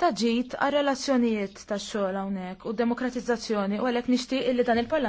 ta' ġid għal relazzjonijiet tax xogħol hawnhekk u demokratizzazzjoni u għalhekk nixtieq illi dan il-Parlament